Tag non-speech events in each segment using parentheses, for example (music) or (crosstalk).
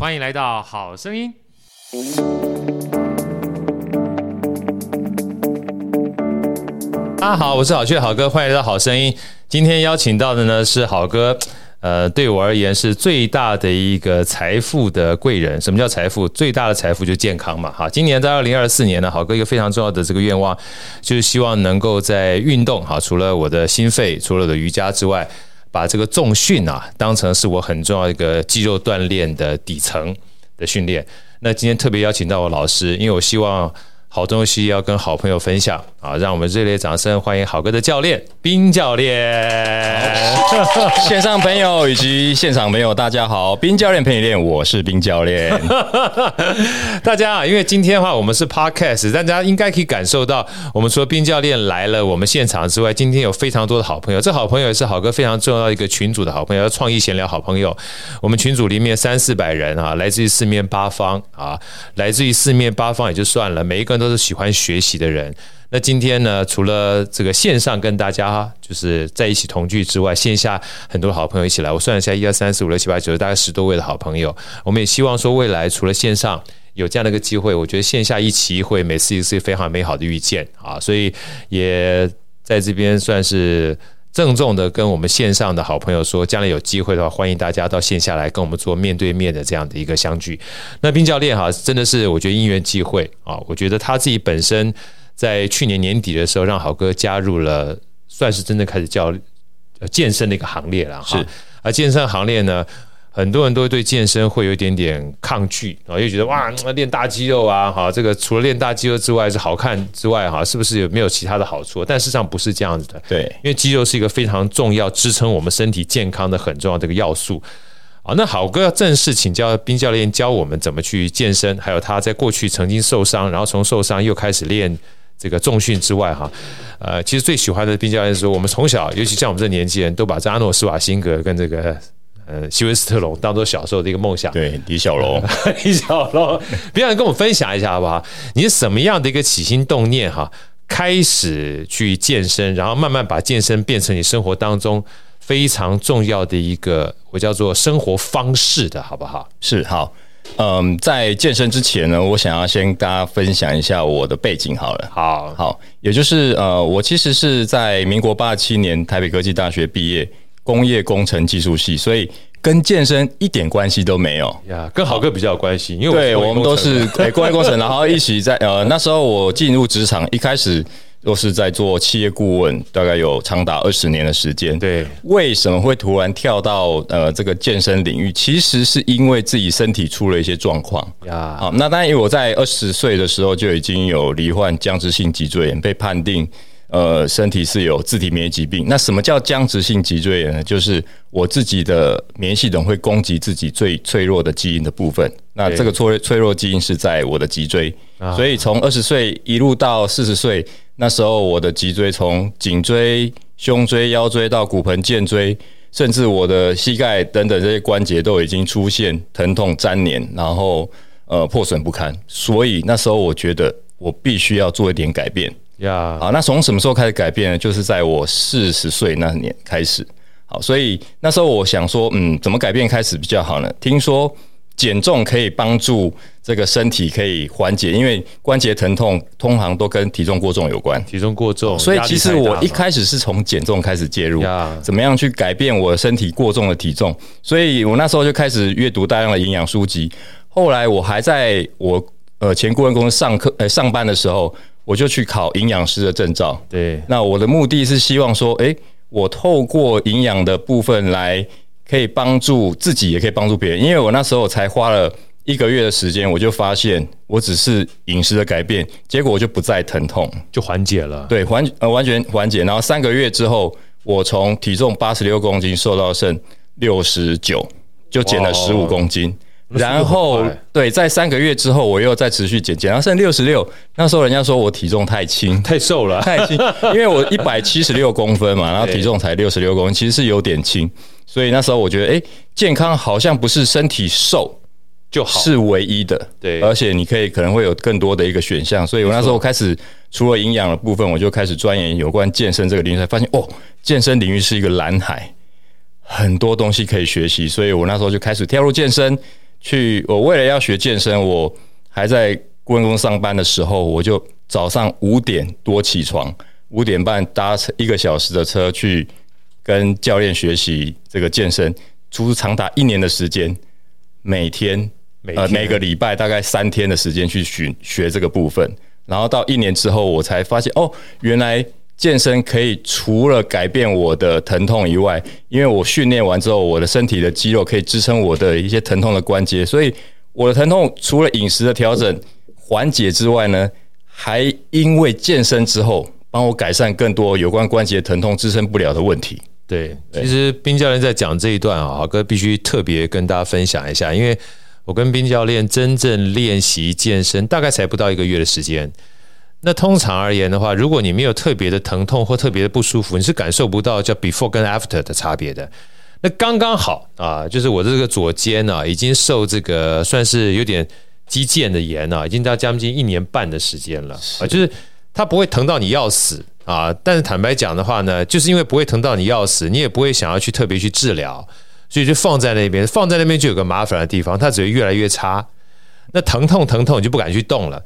歡迎來到郝聲音。大家好，我是郝旭，郝哥，歡迎來到郝聲音。今天邀請到的呢是郝哥，呃，對我而言是最大的一個財富的貴人。什麼叫財富？最大的財富就是健康嘛。哈，今年在二零二四年呢，郝哥一個非常重要的這個願望，就是希望能夠在運動哈，除了我的心肺，除了我的瑜伽之外。把這個重訓啊，當成是我很重要一個肌肉鍛鍊的底層的訓練。那今天特別邀請到我老師，因為我希望好東西要跟好朋友分享。好，讓我們熱烈掌聲歡迎好哥的教練彬教練。 (laughs) 線上朋友以及現場朋友，大家好，彬教練陪你練，我是彬教練。 (laughs) 大家啊，因為今天的話，我們是 podcast，大家應該可以感受到，我們除了彬教練來了，我們現場之外，今天有非常多的好朋友，這好朋友也是好哥非常重要的一個群組的好朋友，創意閒聊好朋友。我們群組裡面三四百人啊，來自於四面八方啊，來自於四面八方也就算了，每一個人都是喜歡學習的人。那今天呢，除了這個線上跟大家哈就是在一起同聚之外，線下很多好朋友一起來，我算一下，一二三四五六七八九十，大概十多位的好朋友。我們也希望說，未來除了線上有這樣的一個機會，我覺得線下一期一會，每次一次非常美好的遇見啊。所以也在這邊算是鄭重的跟我們線上的好朋友說，將來有機會的話，歡迎大家到線下來跟我們做面對面的這樣的一個相聚。那彬教練哈，真的是我覺得因緣際會啊，我覺得他自己本身。在去年年底的時候，讓好哥加入了，算是真正開始叫健身的一個行列了。是，而健身行列呢，很多人都會對健身會有一點點抗拒啊，又覺得哇，練大肌肉啊，哈，這個除了練大肌肉之外是好看之外，哈，是不是有沒有其他的好處？但事實上不是這樣子的。對，因為肌肉是一個非常重要支撐我們身體健康的很重要的一個要素啊。那好哥要正式請教彬教，教練教我們怎麼去健身，還有他在過去曾經受傷，然後從受傷又開始練。這個重訓之外，哈，呃，其實最喜歡的彬教練說，我們從小，尤其像我們這年紀人，都把這阿諾史瓦辛格跟這個呃席維斯史特龍當做小時候的一個夢想。對，李小龍，李 (laughs) 小龍，彬教練 (laughs) 跟我們分享一下好不好？你是什麼樣的一個起心動念哈、啊，開始去健身，然後慢慢把健身變成你生活當中非常重要的一個，我叫做生活方式的，好不好？是，好。嗯，在健身之前呢，我想要先跟大家分享一下我的背景好了。好好，也就是呃，我其實是在民國八七年台北科技大學畢業，工業工程技術系，所以跟健身一點關係都沒有。呀，yeah, 跟郝哥比較有關係，好因為我，對我們都是工業工程， (laughs) 然後一起在呃那時候我進入職場一開始。若是在做企業顧問，大概有長達二十年的時間。對，為什麼會突然跳到呃這個健身領域？其實是因為自己身體出了一些狀況。Yeah. 啊，好，那當然，因為我在二十歲的時候就已經有罹患僵直性脊椎炎，被判定呃身體是有自體免疫疾病。Mm hmm. 那什麼叫僵直性脊椎炎呢？就是我自己的免疫系統會攻擊自己最脆弱的基因的部分。Yeah. 那這個脆脆弱基因是在我的脊椎，Yeah. 所以從二十歲一路到四十歲。那時候我的脊椎從頸椎、胸椎、腰椎到骨盆、薦椎，甚至我的膝蓋等等這些關節都已經出現疼痛、粘連，然後呃破損不堪。所以那時候我覺得我必須要做一點改變。呀，Yeah. 好，那從什麼時候開始改變呢？就是在我四十歲那年開始。好，所以那時候我想說，嗯，怎麼改變開始比較好呢？聽說。減重可以幫助這個身體，可以緩解，因為關節疼痛通常都跟體重過重有關。體重過重，所以其實我一開始是從減重開始介入，怎麼樣去改變我身體過重的體重？所以我那時候就開始閱讀大量的營養書籍。後來我還在我呃前顧問公司上課，呃上班的時候，我就去考營養師的證照。對，那我的目的是希望說，誒，我透過營養的部分來。可以幫助自己，也可以幫助別人。因為我那時候才花了一個月的時間，我就發現我只是飲食的改變，結果我就不再疼痛，就緩解了。對，完呃完全緩解。然後三個月之後，我從體重八十六公斤瘦到剩六十九，就減了十五公斤。Wow，然後，那是不是很快欸？對，在三個月之後，我又再持續減減，然後剩六十六。那時候人家說我體重太輕，太瘦了，太輕，因為我一百七十六公分嘛， (laughs) 然後體重才六十六公斤，其實是有點輕。所以那時候我覺得，哎、欸，健康好像不是身體瘦就好，是唯一的。對，而且你可以可能會有更多的一個選項。所以，我那時候開始，沒錯。除了營養的部分，我就開始鑽研有關健身這個領域，才發現哦，健身領域是一個藍海，很多東西可以學習。所以我那時候就開始跳入健身，去。我為了要學健身，我還在故宮上班的時候，我就早上五點多起床，五點半搭車，一個小時的車去。跟教練學習這個健身，足足長達一年的時間，每天，每天呃每個禮拜大概三天的時間去學，學這個部分，然後到一年之後，我才發現哦，原來健身可以除了改變我的疼痛以外，因為我訓練完之後，我的身體的肌肉可以支撐我的一些疼痛的關節，所以我的疼痛除了飲食的調整緩解之外呢，還因為健身之後幫我改善更多有關關節疼痛支撐不了的問題。對，其實彬教練在講這一段啊，郝哥對必須特別跟大家分享一下，因為我跟彬教練真正練習健身大概才不到一個月的時間。那通常而言的話，如果你沒有特別的疼痛或特別的不舒服，你是感受不到叫 before 跟 after 的差別的。那剛剛好啊，就是我的這個左肩啊，已經受這個算是有點肌腱的炎啊，已經到將近一年半的時間了是啊，就是它不會疼到你要死。啊，但是坦白講的話呢，就是因為不會疼到你要死，你也不會想要去特別去治療，所以就放在那邊，放在那邊就有個麻煩的地方，它只會越來越差。那疼痛疼痛，你就不敢去動了。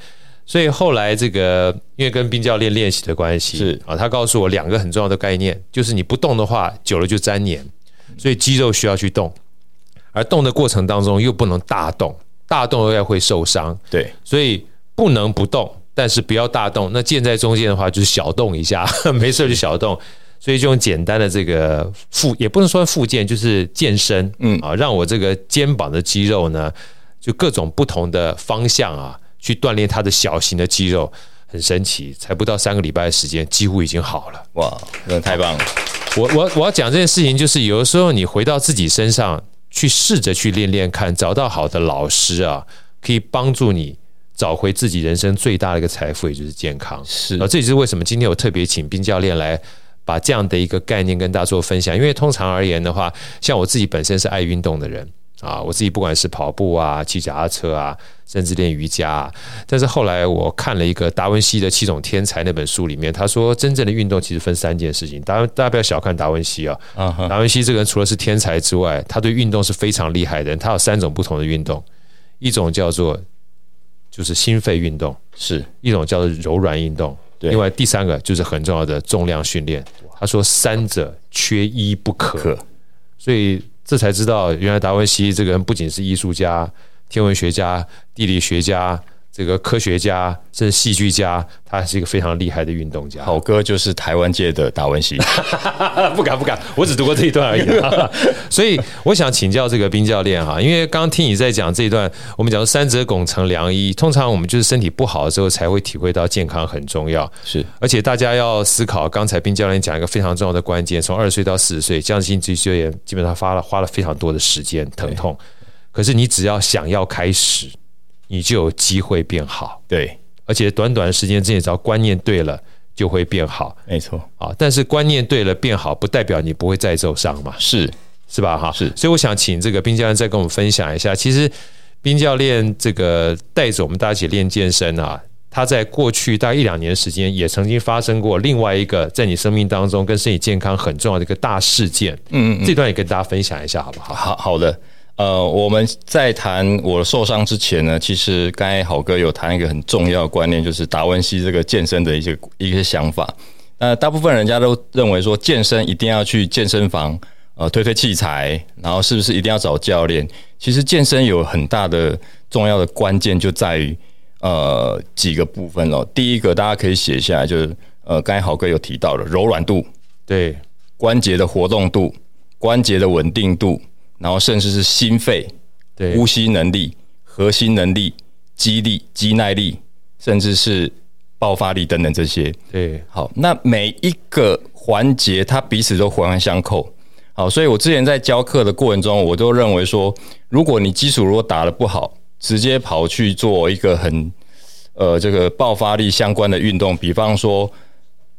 所以後來這個，因為跟彬教練練習的關係，是啊，他告訴我兩個很重要的概念，就是你不動的話，久了就粘黏，所以肌肉需要去動。而動的過程當中又不能大動，大動又要會受傷。對，所以不能不動。但是不要大動，那健在中間的話就是小動一下，沒事就小動，所以就用簡單的這個復，也不能說復健，就是健身，嗯啊，讓我這個肩膀的肌肉呢，就各種不同的方向啊，去鍛鍊它的小型的肌肉。很神奇，才不到三個禮拜的時間，幾乎已經好了。哇，那太棒了。我我我要講這件事情，就是有的時候你回到自己身上去試着去練練看，找到好的老師啊，可以幫助你，找回自己人生最大的一個財富，也就是健康。是啊，這也是為什麼今天我特別請彬教練來把這樣的一個概念跟大家做分享。因為通常而言的話，像我自己本身是愛運動的人啊，我自己不管是跑步啊、騎腳踏車啊，甚至練瑜伽啊，但是後來我看了一個達文西的《七種天才》那本書裡面，他說真正的運動其實分三件事情。大大家不要小看達文西啊、哦，達、uh huh. 文西這個人除了是天才之外，他對運動是非常厲害的人。他有三種不同的運動，一種叫做。就是心肺運動，是一種叫做柔軟運動，對，另外第三個就是很重要的重量訓練。哇他說三者缺一不可，可所以這才知道原來達文西這個人不僅是藝術家、天文學家、地理學家，這個科學家，甚至戲劇家，他是一個非常厲害的運動家。郝哥就是台灣界的達文西。 (laughs) 不敢不敢，我只讀過這一段而已。 (laughs) 所以我想請教這個彬教練哈，因為剛，剛聽你在講這一段，我們講說三折肱成良醫，通常我們就是身體不好的時候，才會體會到健康很重要。是，而且大家要思考，剛才彬教練講一個非常重要的關鍵，從二十歲到四十歲，這樣子你最最也基本上花了花了非常多的時間疼痛，對可是你只要想要開始。你就有機會變好，對，而且短短的時間之內，只要觀念對了，就會變好，沒錯啊。但是觀念對了變好，不代表你不會再受傷嘛，嗯，是，是吧？哈，是。所以我想請這個彬教練再跟我們分享一下，其實彬教練這個帶着我們大家一起練健身啊，他在過去大概一兩年時間，也曾經發生過另外一個在你生命當中跟身體健康很重要的一個大事件。嗯嗯嗯，這段也跟大家分享一下好不好？好好，好的。呃，我們在談我受傷之前呢，其實剛才郝哥有談一個很重要的觀念，就是達文西這個健身的一些一些想法。那大部分人家都認為說，健身一定要去健身房，呃，推推器材，然後是不是一定要找教練？其實健身有很大的重要的關鍵就在於呃幾個部分哦。第一個大家可以寫下來，就是呃，剛才郝哥有提到的柔軟度，對，關節的活動度，關節的穩定度。然後甚至是心肺，呼吸能力、對核心能力、肌力、肌耐力，甚至是爆發力等等這些。對，好，那每一個環節它彼此都環環相扣。好，所以我之前在教課的過程中，我都認為說，如果你基礎如果打得不好，直接跑去做一個很呃這個爆發力相關的運動，比方說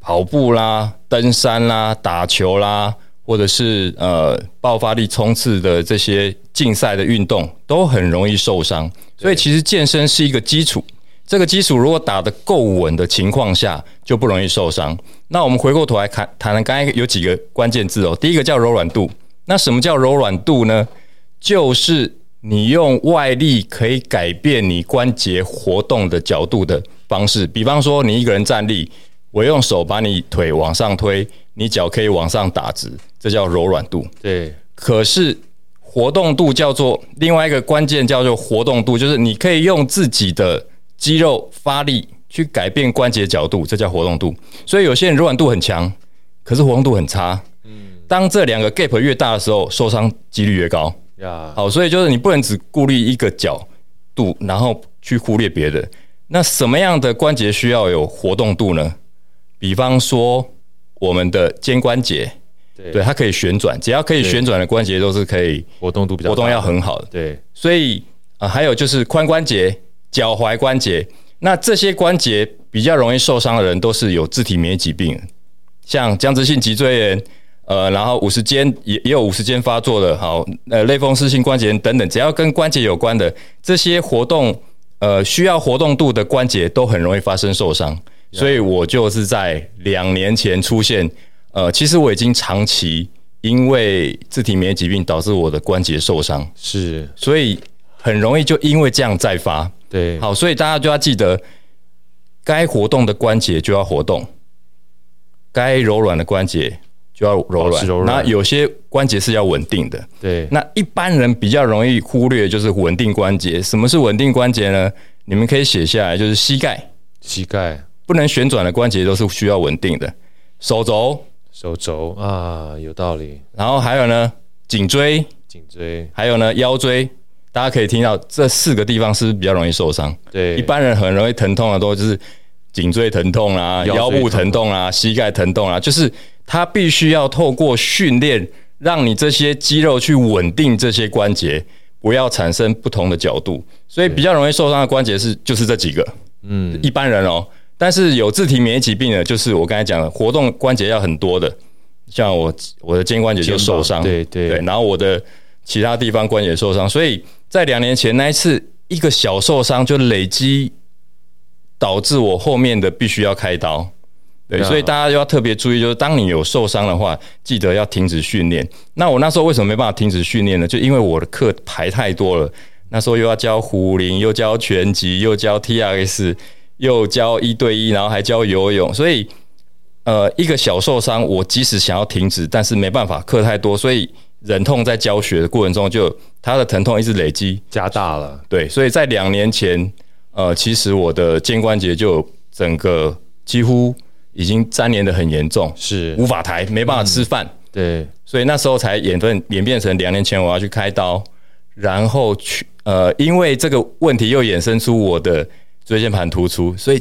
跑步啦、登山啦、打球啦。或者是呃爆發力衝刺的這些競賽的運動都很容易受傷，對所以其實健身是一個基礎。這個基礎如果打得夠穩的情況下，就不容易受傷。那我們回過頭來看，談談剛才有幾個關鍵字哦，第一個叫柔軟度。那什麼叫柔軟度呢？就是你用外力可以改變你關節活動的角度的方式。比方說，你一個人站立，我用手把你腿往上推。你腳可以往上打直，這叫柔軟度。對，可是活動度叫做另外一個關鍵，叫做活動度，就是你可以用自己的肌肉發力去改變關節角度，這叫活動度。所以有些人柔軟度很強，可是活動度很差。嗯，當這兩個 gap 越大的時候，受傷幾率越高。呀，Yeah. 好，所以就是你不能只顧慮一個角度，然後去忽略別的。那什麼樣的關節需要有活動度呢？比方說。我們的肩關節，對，對它可以旋轉，只要可以旋轉的關節都是可以活動度比較活動要很好的。對，所以啊、呃，還有就是髖關節、腳踝關節，那這些關節比較容易受傷的人都是有自體免疫疾病的，像僵直性脊椎炎，呃，然後五十肩也也有五十肩發作的，好，呃，類風濕性關節炎等等，只要跟關節有關的這些活動，呃，需要活動度的關節都很容易發生受傷。所以我就是在兩年前出現，呃，其實我已經長期因為自體免疫疾病導致我的關節受傷，是，所以很容易就因為這樣再發。對，好，所以大家就要記得，該活動的關節就要活動，該柔軟的關節就要柔軟。柔軟。那有些關節是要穩定的，對。那一般人比較容易忽略就是穩定關節，什麼是穩定關節呢？你們可以寫下來，就是膝蓋，膝蓋。不能旋轉的關節都是需要穩定的，手肘、手肘啊，有道理。然後還有呢，頸椎、頸椎，還有呢腰椎。大家可以聽到這四個地方是不是比較容易受傷？對，一般人很容易疼痛的多就是頸椎疼痛啦、啊、腰部疼痛啦、啊、膝蓋疼痛啦、啊，就是它必須要透過訓練，讓你這些肌肉去穩定這些關節，不要產生不同的角度。所以比較容易受傷的關節是就是這幾個。嗯，一般人哦、喔。但是有自體免疫疾病呢，就是我剛才講的，活動關節要很多的，像我我的肩關節就受傷，對對對，然後我的其他地方關節受傷，所以在兩年前那一次一個小受傷就累積導致我後面的必須要開刀，對，對啊、所以大家要特別注意，就是當你有受傷的話，記得要停止訓練。那我那時候為什麼沒辦法停止訓練呢？就因為我的課排太多了，那時候又要教壺鈴，又教拳擊，又教 TRX。又教一對一，然後還教游泳，所以呃，一個小受傷，我即使想要停止，但是沒辦法，課太多，所以忍痛在教學的過程中就，就他的疼痛一直累積加大了。對，所以在兩年前，呃，其實我的肩關節就整個幾乎已經粘連得很嚴重，是無法抬，沒辦法吃飯，嗯。對，所以那時候才演變演變成兩年前我要去開刀，然後去呃，因為這個問題又衍生出我的。椎間盤突出，所以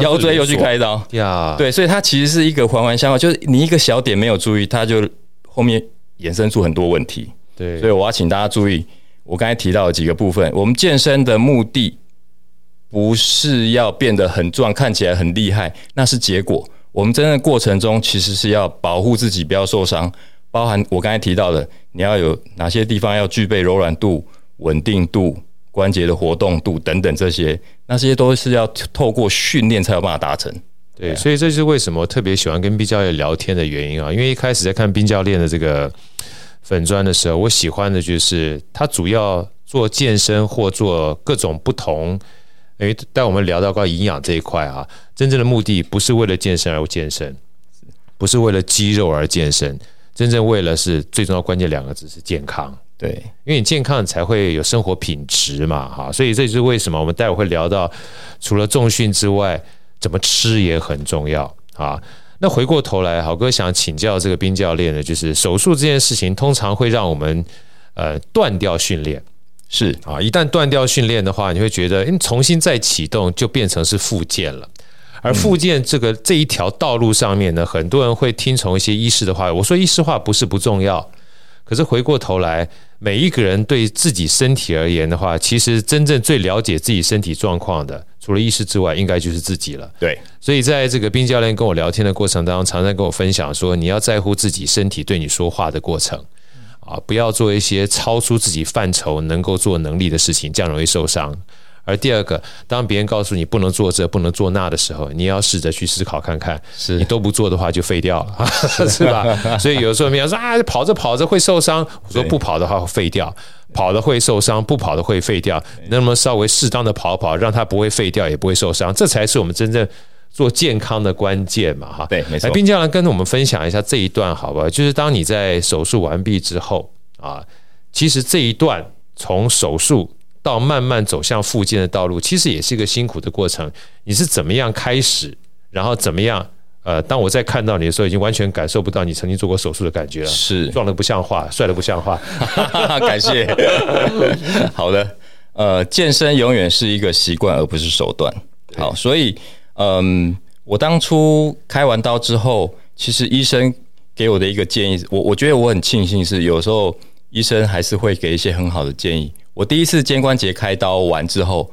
腰椎又去開刀，yeah. 對，所以它其實是一個環環相扣，就是你一個小點沒有注意，它就後面衍生出很多問題。對，所以我要請大家注意，我剛才提到的幾個部分，我們健身的目的不是要變得很壯，看起來很厲害，那是結果。我們真的過程中，其實是要保護自己不要受傷，包含我剛才提到的，你要有哪些地方要具備柔軟度、穩定度、關節的活動度等等這些。那這些都是要透過訓練才有辦法達成。對，所以這就是為什麼我特別喜歡跟彬教練聊天的原因啊。因為一開始在看彬教練的這個粉專的時候，我喜歡的就是他主要做健身或做各種不同。誒，但我們聊到關於營養這一塊啊，真正的目的不是為了健身而健身，不是為了肌肉而健身，真正為了是最重要關鍵兩個字是健康。對，因為你健康你才會有生活品質嘛，哈，所以這就是為什麼我們待會會聊到，除了重訓之外，怎麼吃也很重要啊。那回過頭來，郝哥想請教這個彬教練呢，就是手術這件事情，通常會讓我們呃斷掉訓練，是啊，一旦斷掉訓練的話，你會覺得，你重新再啟動就變成是復健了。而復健這個這一條道路上面呢，很多人會聽從一些醫師的話。我說醫師話不是不重要。可是回過頭來，每一個人對自己身體而言的話，其實真正最了解自己身體狀況的，除了醫師之外，應該就是自己了。對，所以在這個彬教練跟我聊天的過程當中，常常跟我分享說，你要在乎自己身體對你說話的過程、嗯、啊，不要做一些超出自己範疇能夠做能力的事情，這樣容易受傷。而第二個，當別人告訴你不能做這、不能做那的時候，你要試着去思考看看，是你都不做的話就廢掉了，是， (laughs) 是吧？ (laughs) 所以有時候你要說啊，跑着跑着會受傷，說不跑的話會廢掉，對跑的會受傷，不跑的會廢掉，能不能稍微適當的跑跑，讓他不會廢掉，也不會受傷，這才是我們真正做健康的關鍵嘛，哈。對，沒錯。彬教練，來跟我們分享一下這一段，好不好？就是當你在手術完畢之後啊，其實這一段從手術，到慢慢走向復健的道路，其實也是一個辛苦的過程。你是怎麼樣開始，然後怎麼樣？呃，當我再看到你的時候，已經完全感受不到你曾經做過手術的感覺了。是，壯得不像話，帥得不像話。 (laughs) 感謝。好的，呃，健身永遠是一個習慣，而不是手段。對好，所以，嗯、呃，我當初開完刀之後，其實醫生給我的一個建議，我我覺得我很慶幸是，有時候醫生還是會給一些很好的建議。我第一次肩關節開刀完之後，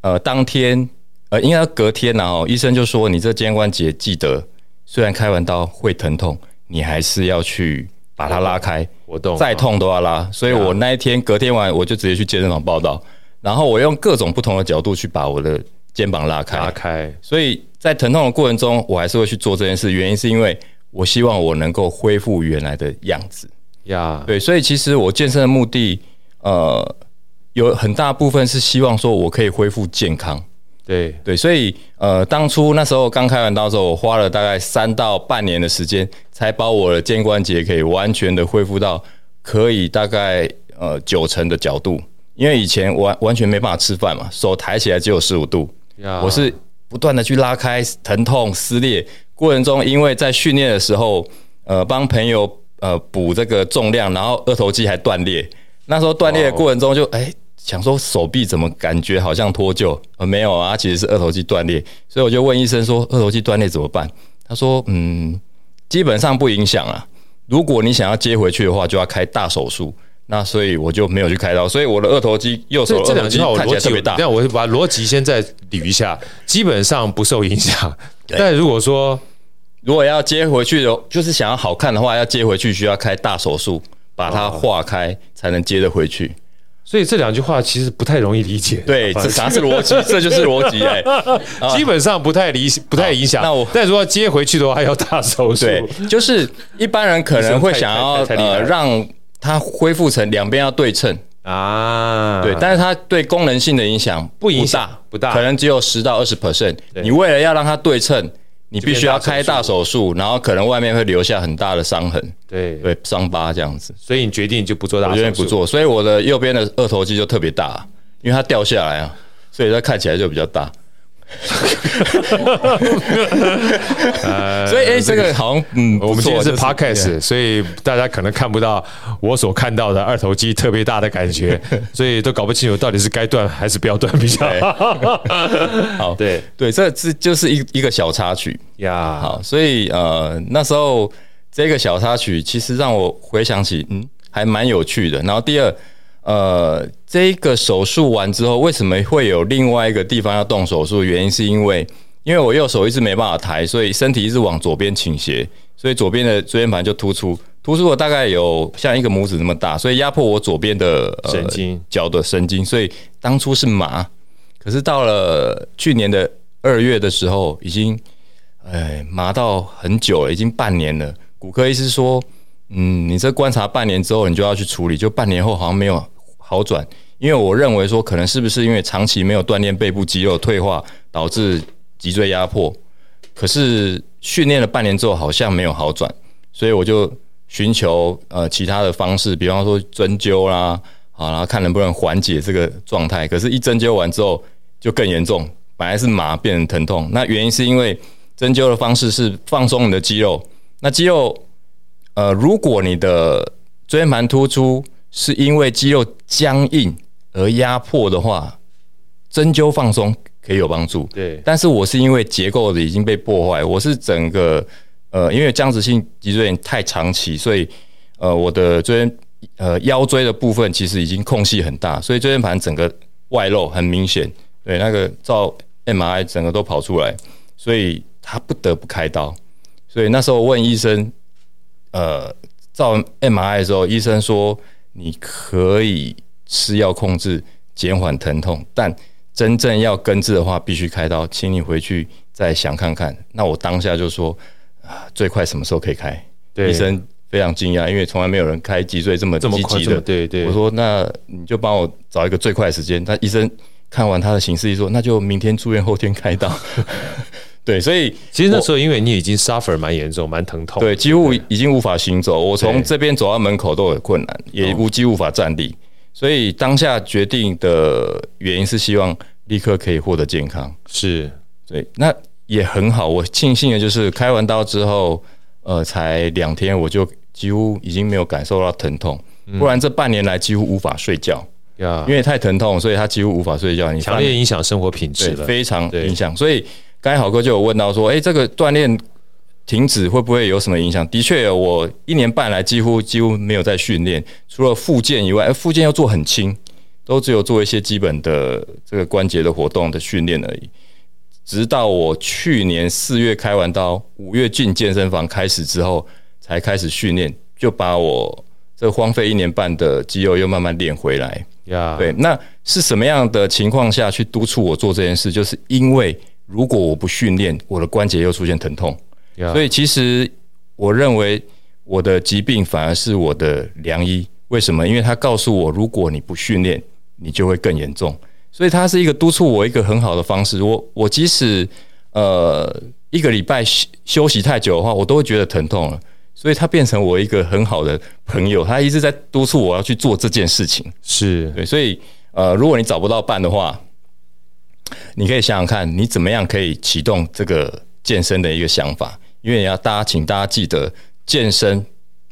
呃，當天呃，應該隔天，啊，然後醫生就說你這肩關節記得，雖然開完刀會疼痛，你還是要去把它拉開，活動，再痛都要拉。所以我那一天隔天完，我就直接去健身房報到，然後我用各種不同的角度去把我的肩膀拉開，拉開。所以在疼痛的過程中，我還是會去做這件事，原因是因為我希望我能夠恢復原來的樣子呀。對，所以其實我健身的目的。呃，有很大部分是希望說，我可以恢復健康。對對對，所以呃，當初那時候剛開完刀之後，我花了大概三到半年的時間，才把我的肩關節可以完全的恢復到可以大概呃九成的角度。因為以前完完全沒辦法吃飯嘛，手抬起來只有十五度。呀我是不斷的去拉開疼痛撕裂過程中，因為在訓練的時候，呃，幫朋友呃補這個重量，然後二頭肌還斷裂。那時候斷裂的過程中就，就、欸、哎想說手臂怎麼感覺好像脫臼？呃、哦，沒有啊，其實是二頭肌斷裂。所以我就問醫生說：“二頭肌斷裂怎麼辦？”他說：“嗯，基本上不影響啊。如果你想要接回去的話，就要開大手術。那所以我就沒有去開刀。所以我的二頭肌右手的二頭肌看起來特別大。這兩句話我邏輯，這樣我就把邏輯先再捋一下。基本上不受影響。對但如果說如果要接回去的，就是想要好看的話，要接回去需要開大手術。”把它化開才能接得回去，所以這兩句話其實不太容易理解。對， (laughs) 這啥是邏輯？這就是邏輯哎、欸， (laughs) 基本上不太理，不太影響。啊、那我但如果接回去的話，還要大手術。就是一般人可能會想要呃讓它恢復成兩邊要對稱啊，對，但是它對功能性的影響不大，不影響，不大，可能只有十到二十 percent。對你為了要讓它對稱。你必須要開大手術，然後可能外面會留下很大的傷痕，對對，傷疤這樣子。所以你決定你就不做大手術，我決定不做。所以我的右邊的二頭肌就特別大，因為它掉下來啊，所以它看起來就比較大。哈哈哈哈哈！ (laughs) (laughs) 呃、所以哎、欸，這個好像、嗯、我們今天是 podcast，是所以大家可能看不到我所看到的二頭肌特別大的感覺， (laughs) 所以都搞不清楚到底是該斷還是不要斷比較 (laughs) (laughs) (laughs) 好。好，對對，這就是一一個小插曲呀 Yeah.。所以呃，那時候這個小插曲其實讓我回想起，嗯，還蠻有趣的。然後第二。呃，這個手術完之後，為什麼會有另外一個地方要動手術？原因是因為，因為我右手一直沒辦法抬，所以身體一直往左邊傾斜，所以左邊的椎間盤就突出，突出我大概有像一個拇指那麼大，所以壓迫我左邊的、呃、神經、腳的神經，所以當初是麻，可是到了去年的二月的時候，已經，哎，麻到很久了，已經半年了。骨科醫師說，嗯，你這觀察半年之後，你就要去處理，就半年後好像沒有。好轉，因為我認為說可能是不是因為長期沒有鍛鍊背部肌肉退化導致脊椎壓迫，可是訓練了半年之後好像沒有好轉，所以我就尋求呃其他的方式，比方說針灸啦、啊，好、啊，然後看能不能緩解這個狀態，可是一針灸完之後就更嚴重，本來是麻變成疼痛，那原因是因為針灸的方式是放鬆你的肌肉，那肌肉呃如果你的椎間盤突出。是因為肌肉僵硬而壓迫的話，針灸放鬆可以有幫助。對，但是我是因為結構的已經被破壞，我是整個呃，因為僵直性脊椎炎太長期，所以呃，我的椎呃腰椎的部分其實已經空隙很大，所以椎間盤整個外露很明顯，對那個照 MRI 整個都跑出來，所以他不得不開刀。所以那時候問醫生，呃，照 MRI 的時候，醫生說。你可以吃藥控制，減緩疼痛，但真正要根治的話，必須開刀。請你回去再想看看。那我當下就說，啊、最快什麼時候可以開？對醫生非常驚訝，因為從來沒有人開脊椎這麼積極這麼快的。對對、對，我說那你就幫我找一個最快的時間。那醫生看完他的形式一說，那就明天住院，後天開刀。 (laughs) 對，所以其實那時候因為你已經 suffer 蠻嚴重，蠻疼痛，對，幾乎已經無法行走。我從這邊走到門口都有困難，也幾乎無法站立。所以當下決定的原因是希望立刻可以獲得健康。是，對，那也很好。我慶幸的就是開完刀之後，呃，才兩天我就幾乎已經沒有感受到疼痛，不然這半年來幾乎無法睡覺。因為太疼痛，所以他幾乎無法睡覺，你強烈影響生活品質，非常影響。所以。剛才郝哥就有問到說：“哎、欸，這個鍛鍊停止會不會有什麼影響？”的確，我一年半來幾乎幾乎沒有在訓練，除了復健以外，哎、欸，復健要做很輕，都只有做一些基本的這個關節的活動的訓練而已。直到我去年四月開完刀，五月進健身房開始之後，才開始訓練，就把我這荒廢一年半的肌肉又慢慢練回來。呀，Yeah. 對，那是什麼樣的情況下去督促我做這件事？就是因為。如果我不訓練，我的關節又出現疼痛，Yeah. 所以其實我認為我的疾病反而是我的良醫。為什麼？因為他告訴我，如果你不訓練，你就會更嚴重。所以他是一個督促我一個很好的方式。我我即使呃一個禮拜休休息太久的話，我都會覺得疼痛了。所以他變成我一個很好的朋友。他一直在督促我要去做這件事情。是對，所以呃，如果你找不到伴的話。你可以想想看，你怎麼樣可以啟動這個健身的一個想法？因為你要大家，請大家記得，健身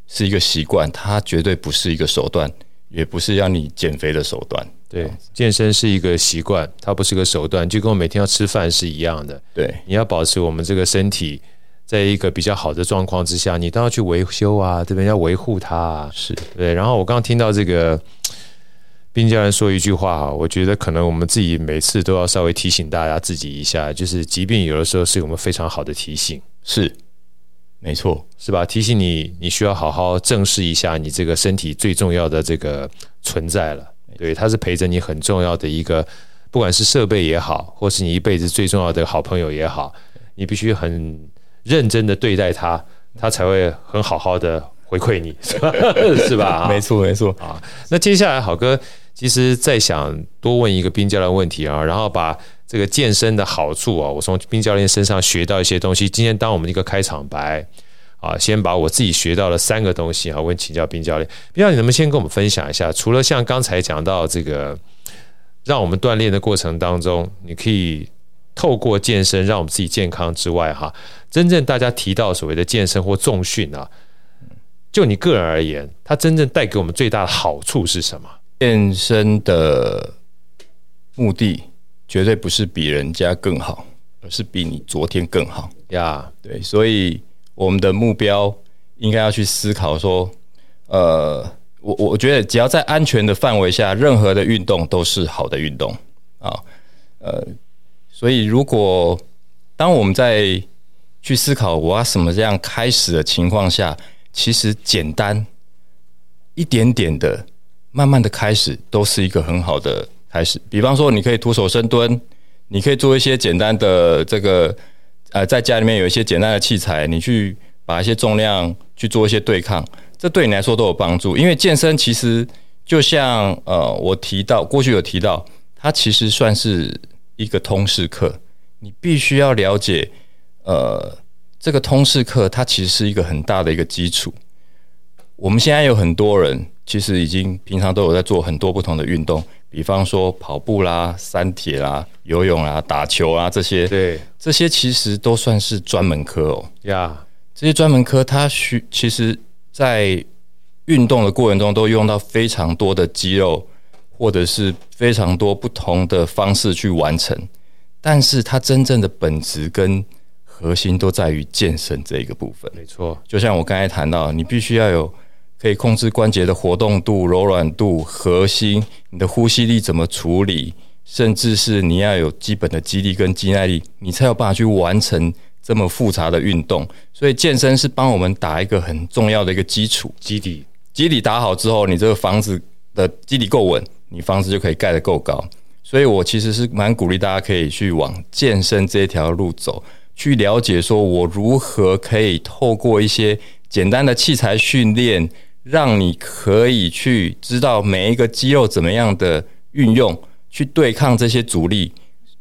是一個習慣，它絕對不是一個手段，也不是要你減肥的手段。對，健身是一個習慣，它不是個手段，就跟我每天要吃飯是一樣的。對，你要保持我們這個身體在一個比較好的狀況之下，你都要去維修啊，這邊要維護它啊。是對，然後我剛剛聽到這個。彬家人說一句話哈，我覺得可能我們自己每次都要稍微提醒大家自己一下，就是疾病有的時候是我們非常好的提醒，是沒錯錯，是吧？提醒你，你需要好好正視一下你這個身體最重要的這個存在了。錯對，它是陪着你很重要的一個，不管是設備也好，或是你一輩子最重要的好朋友也好，你必須很認真的對待他，他才會很好好的回饋你，是吧？ (laughs) 是吧？沒錯，沒錯啊。那接下來，郝哥。其實在想多問一個彬教練問題啊，然後把這個健身的好處啊，我從彬教練身上學到一些東西。今天當我們一個開場白啊，先把我自己學到了三個東西啊，問請教彬教練。彬教練，能不能先跟我們分享一下？除了像剛才講到這個，讓我們鍛鍊的過程當中，你可以透過健身讓我們自己健康之外，哈、啊，真正大家提到所謂的健身或重訓啊，就你個人而言，它真正帶給我們最大的好處是什麼？健身的目的絕對不是比人家更好，而是比你昨天更好呀。Yeah, 對，所以我們的目標應該要去思考說，呃，我我覺得只要在安全的範圍下，任何的運動都是好的運動啊、哦。呃，所以如果當我們在去思考我要什麼這樣開始的情況下，其實簡單一點點的。慢慢的開始都是一個很好的開始。比方說，你可以徒手深蹲，你可以做一些簡單的這個，呃，在家裡面有一些簡單的器材，你去把一些重量去做一些對抗，這對你來說都有幫助。因為健身其實就像呃，我提到過去有提到，它其實算是一個通識課，你必須要了解，呃，這個通識課它其實是一個很大的一個基礎。我們現在有很多人。其實已經平常都有在做很多不同的運動，比方說跑步啦、三鐵啦、游泳啦、打球啊這些。對，這些其實都算是專門科哦。呀，Yeah. 這些專門科它需其實在運動的過程中都用到非常多的肌肉，或者是非常多不同的方式去完成。但是它真正的本質跟核心都在於健身這一個部分。沒錯，就像我剛才談到，你必須要有。可以控制關節的活動度、柔軟度、核心、你的呼吸力怎麼處理，甚至是你要有基本的肌力跟肌耐力，你才有辦法去完成這麼複雜的運動。所以健身是幫我們打一個很重要的一個基礎、基底。基底打好之後，你這個房子的基底夠穩，你房子就可以蓋得夠高。所以我其實是蠻鼓勵大家可以去往健身這條路走，去了解說我如何可以透過一些簡單的器材訓練，讓你可以去知道每一個肌肉怎麼樣的運用，去對抗這些阻力。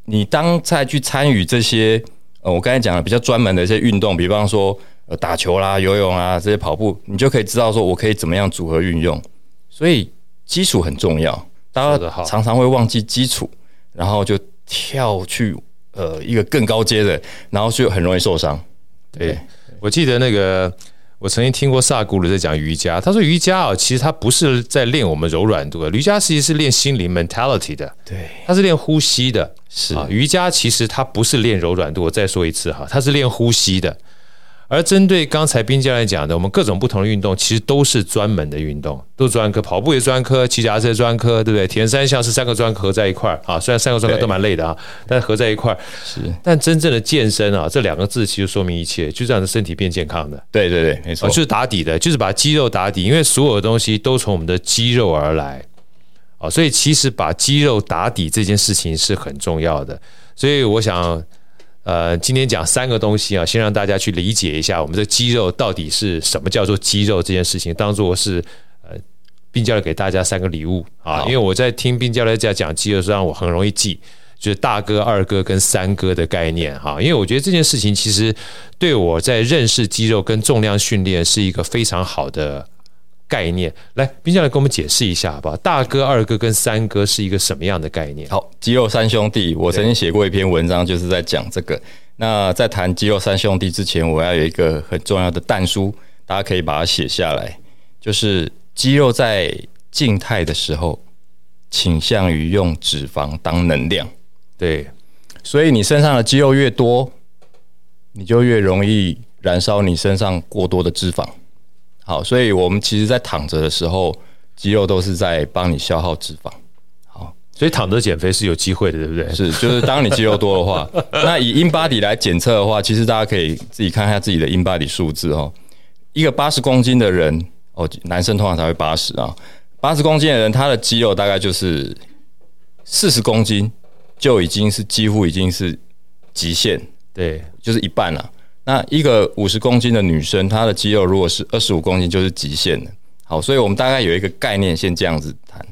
你當再去參與這些，呃，我剛才講的比較專門的一些運動，比方說，呃，打球啦、游泳啊這些跑步，你就可以知道說我可以怎麼樣組合運用。所以基礎很重要，大家常常會忘記基礎，然後就跳去呃一個更高階的，然後就很容易受傷。對。Okay. 我記得那個。我曾經聽過薩古魯在講瑜伽，他說瑜伽啊，其實他不是在練我們柔軟度的，瑜伽其實是練心靈 （mentality） 的，對，他是練呼吸的，是啊，瑜伽其實他不是練柔軟度，我再說一次哈，他是練呼吸的。而針對剛才彬教來講的，我們各種不同的運動其實都是專門的運動，都是專科，跑步也專科，騎腳踏車也專科，對不對？鐵三項是三個專科合在一塊兒啊，雖然三個專科都蠻累的啊，對但合在一塊兒是。但真正的健身啊，這兩個字其實說明一切，就讓身體變健康的。對對對，沒錯、啊，就是打底的，就是把肌肉打底，因為所有的東西都從我們的肌肉而來啊，所以其實把肌肉打底這件事情是很重要的。所以我想。呃，今天講三個東西啊，先讓大家去理解一下，我們的肌肉到底是什麼叫做肌肉這件事情，當做是呃，彬教練給大家三個禮物啊，好因為我在聽彬教練講肌肉的時候，讓我很容易記，就是大哥、二哥跟三哥的概念哈，因為我覺得這件事情其實對我在認識肌肉跟重量訓練是一個非常好的。概念來，彬教練給我們解釋一下，好不好？大哥、二哥跟三哥是一個什麼樣的概念？好，肌肉三兄弟，我曾經寫過一篇文章，就是在講這個。對那在談肌肉三兄弟之前，我還有一個很重要的但書，大家可以把它寫下來。就是肌肉在靜態的時候，傾向於用脂肪當能量。對，所以你身上的肌肉越多，你就越容易燃燒你身上過多的脂肪。好，所以我們其實，在躺着的時候，肌肉都是在幫你消耗脂肪。好，所以躺着減肥是有機會的，對不對？是，就是當你肌肉多的話， (laughs) 那以英巴 y 來檢測的話，其實大家可以自己看一下自己的英巴 y 數字哈、哦。一個八十公斤的人，哦，男生通常才會八十啊。八十公斤的人，他的肌肉大概就是四十公斤，就已經是幾乎已經是極限，對，就是一半了、啊。那一個五十公斤的女生，她的肌肉如果是二十五公斤，就是極限了。好，所以我們大概有一個概念，先這樣子談。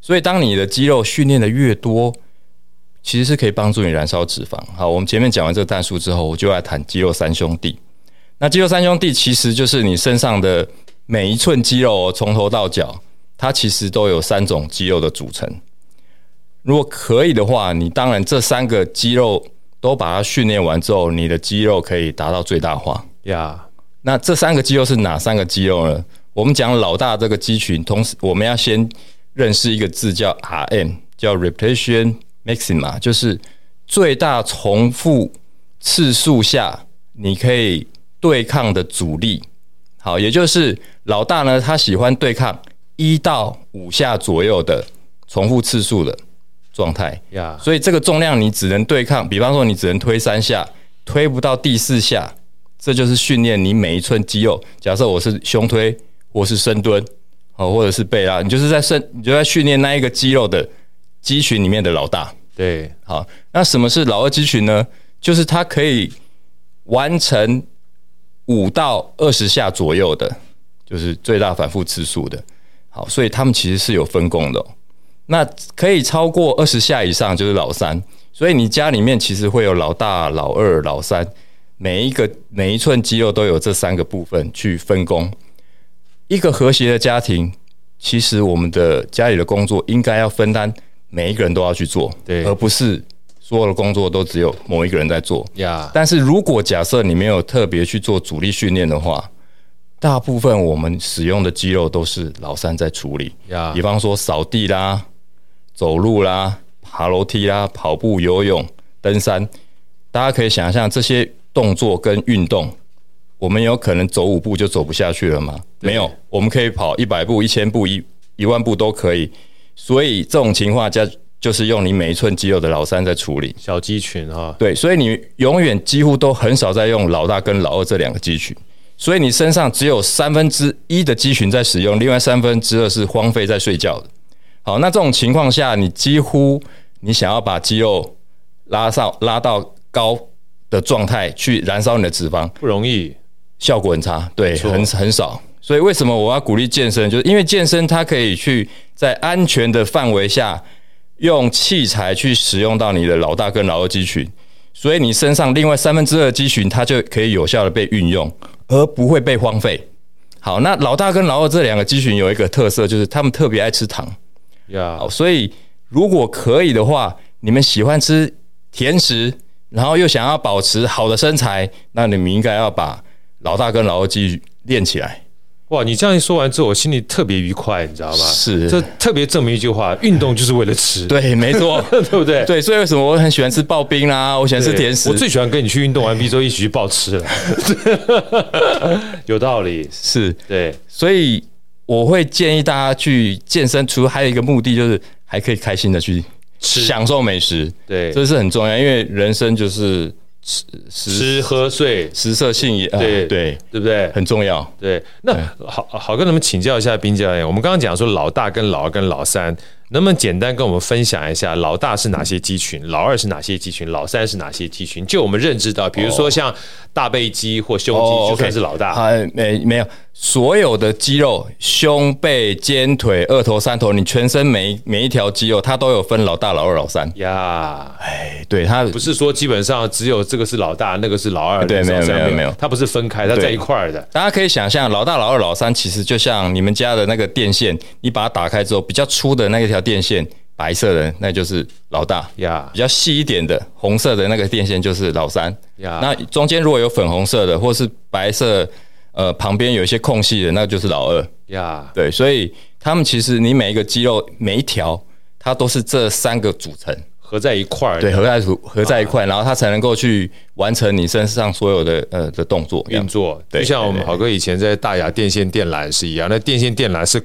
所以，當你的肌肉訓練得越多，其實是可以幫助你燃燒脂肪。好，我們前面講完這個彈素之後，我就來談肌肉三兄弟。那肌肉三兄弟其實就是你身上的每一寸肌肉哦，從頭到腳，它其實都有三種肌肉的組成。如果可以的話，你當然這三個肌肉。都把它訓練完之後，你的肌肉可以達到最大化呀。Yeah. 那這三個肌肉是哪三個肌肉呢？我們講老大這個肌群，同時我們要先認識一個字叫 RM，叫 Repetition Maxima，就是最大重複次數下你可以對抗的阻力。好，也就是老大呢，他喜歡對抗一到五下左右的重複次數的。狀態呀，Yeah. 所以這個重量，你只能對抗，比方說你只能推三下，推不到第四下，這就是訓練你每一寸肌肉。假設我是胸推，我是深蹲，好，或者是背拉，你就是在訓，你就在訓練那一個肌肉的肌群裡面的老大。對，好，那什麼是老二肌群呢？就是它可以完成五到二十下左右的，就是最大反復次數的。好，所以他們其實是有分工的。那可以超過二十下以上，就是老三。所以你家裡面其實會有老大、老二、老三，每一個每一寸肌肉都有這三個部分去分工。一個和諧的家庭，其實我們的家裡的工作應該要分擔，每一個人都要去做，對，而不是所有的工作都只有某一個人在做。呀，但是如果假設你沒有特別去做阻力訓練的話，大部分我們使用的肌肉都是老三在處理。呀，比方說掃地啦。走路啦，爬樓梯啦，跑步、游泳、登山，大家可以想象這些動作跟運動，我們有可能走五步就走不下去了嗎？對沒有，我們可以跑一百步、一千步、一一萬步都可以。所以這種情況下，就是用你每一寸肌肉的老三在處理小肌群啊、哦。對，所以你永遠幾乎都很少在用老大跟老二這兩個肌群，所以你身上只有三分之一的肌群在使用，另外三分之二是荒廢在睡覺的。好，那這種情況下，你幾乎你想要把肌肉拉上，拉到高的狀態去燃燒你的脂肪不容易，效果很差，對，錯很很少。所以為什麼我要鼓勵健身？就是因為健身它可以去在安全的範圍下用器材去使用到你的老大跟老二肌群，所以你身上另外三分之二肌群它就可以有效地被運用，而不會被荒廢。好，那老大跟老二這兩個肌群有一個特色，就是他們特別愛吃糖。呀 Yeah.，所以如果可以的話，你們喜歡吃甜食，然後又想要保持好的身材，那你們應該要把老大跟老二繼續練起來。哇，你這樣一說完之後，我心裡特別愉快，你知道吧？是，這特別證明一句話：運動就是為了吃。 (laughs) 對，沒錯， (laughs) (laughs) 對不對？對，所以為什麼我很喜歡吃刨冰啦、啊？我喜歡吃甜食。我最喜歡跟你去運動完畢之後一起去爆吃了。 (laughs) 有道理，是對，所以。我會建議大家去健身，除了還有一個目的，就是還可以開心的去享受美食。對，這是很重要，因為人生就是吃吃喝睡，食色性也。對對對，不對？很重要。對，那對好好跟你們請教一下，彬教練。我們剛剛講說，老大跟老二跟老三。那麼簡單跟我們分享一下，老大是哪些肌群，嗯、老二是哪些肌群，老三是哪些肌群？就我們認知到，比如說像大背肌或胸肌，哦、就可以是老大。沒沒有，所有的肌肉，胸背肩腿二頭三頭，你全身每每一條肌肉它都有分老大、老二、老三呀。哎，對，它不是說基本上只有這個是老大，那個是老二對。對，沒有沒有沒有，沒有它不是分開，它在一塊兒的。大家可以想象，老大、老二、老三其實就像你們家的那個電線，你把它打開之後，比較粗的那一條。電線白色的那就是老大呀，Yeah. 比較細一點的紅色的那個電線就是老三呀。Yeah. 那中間如果有粉紅色的或是白色，呃，旁邊有一些空隙的，那就是老二呀。Yeah. 對，所以他們其實你每一個肌肉每一條，它都是這三個組成，合在一塊，對，合在合在一塊，啊，然後它才能夠去完成你身上所有的呃的動作運作。對，就像我們好哥以前在大雅電線電纜是一樣，嘿嘿嘿，那電線電纜是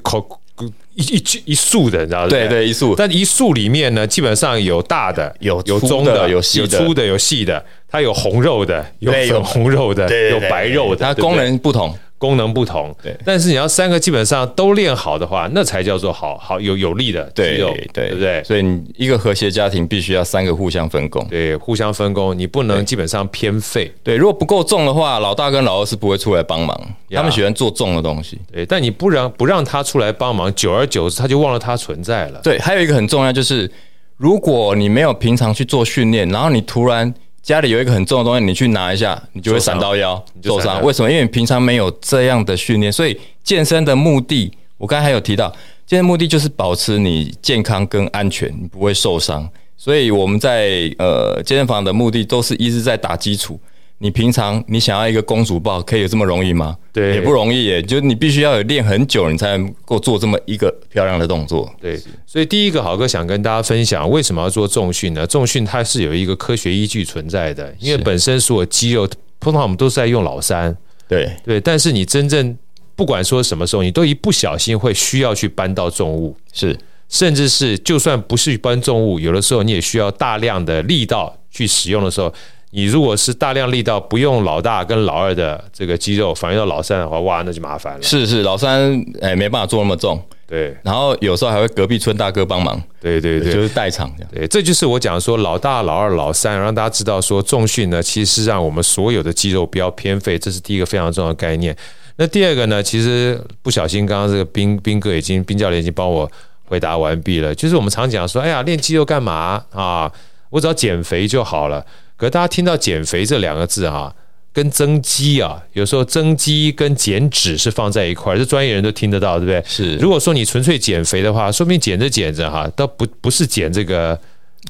一一一束的，你知道對對，一束。但一束裡面呢，基本上有大的，有有中的，有細的，有粗的，有細的。它有紅肉的，有有粉紅肉的，有，有白肉的對對對，它功能不同。功能不同，對，但是你要三個基本上都練好的話，那才叫做好，好有有力的肌肉對，對對，對不對？所以你一個和諧家庭，必須要三個互相分工，對，互相分工，你不能基本上偏廢對，對，如果不夠重的話，老大跟老二是不會出來幫忙，呀他們喜歡做重的東西，對，但你不讓不讓他出來幫忙，久而久之他就忘了他存在了，對，還有一個很重要就是，如果你沒有平常去做訓練，然後你突然。家裡有一個很重的東西，你去拿一下，你就會閃到腰，你就受傷。受為什麼？因為你平常沒有這樣的訓練，所以健身的目的，我剛才還有提到，健身目的就是保持你健康跟安全，你不會受傷。所以我們在呃健身房的目的，都是一直在打基礎。你平常你想要一個公主抱，可以有這麼容易嗎？對，也不容易，也就是你必須要有練很久，你才能夠做這麼一個漂亮的動作。對，所以第一個郝哥想跟大家分享，為什麼要做重訓呢？重訓它是有一個科學依據存在的，因為本身所有肌肉，是通常我們都是在用老三。對對，但是你真正不管說什麼時候，你都一不小心會需要去搬到重物，是，甚至是就算不是搬重物，有的時候你也需要大量的力道去使用的時候。你如果是大量力道不用老大跟老二的這個肌肉，反映到老三的話，哇，那就麻煩了。是是，老三誒、哎，沒辦法做那麼重，對。然後有時候還會隔壁村大哥幫忙，對對對，就是代償這樣。對，這就是我講說老大、老二、老三，讓大家知道說重訓呢，其實是讓我們所有的肌肉不要偏廢，這是第一個非常重要的概念。那第二個呢，其實不小心剛剛這個彬彬哥已經彬教練已經幫我回答完畢了。就是我們常講說，哎呀，練肌肉幹嘛啊？我只要減肥就好了。可是大家聽到減肥這兩個字哈、啊，跟增肌啊，有時候增肌跟減脂是放在一塊兒，這專業人都聽得到，對不對？是。如果說你純粹減肥的話，說不定減着減着哈，都不不是減這個